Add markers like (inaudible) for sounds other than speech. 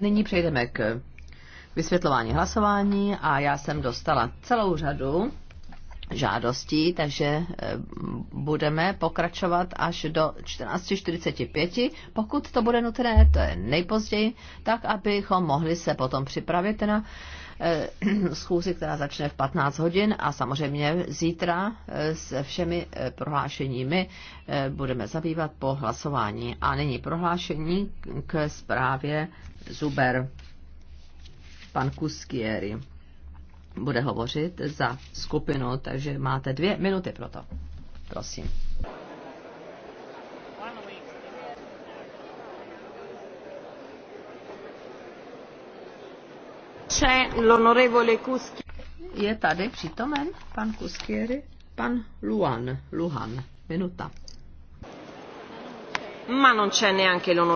Nyní přejdeme k vysvětlování hlasování a já jsem dostala celou řadu žádostí, takže eh, budeme pokračovat až do 14.45, pokud to bude nutné, to je nejpozději, tak abychom mohli se potom připravit na eh, (clears throat) schůzi, která začne v 15 hodin a samozřejmě zítra eh, se všemi prohlášeními budeme zabývat po hlasování. A nyní prohlášení k zprávě Zuber pan Kuskieri bude hovořit za skupinu, takže máte dvě minuty pro to. Prosím. Je tady přítomen pan Kuskieri? Pan Luan, Luhan, minuta. Ma non c'è neanche l'onore.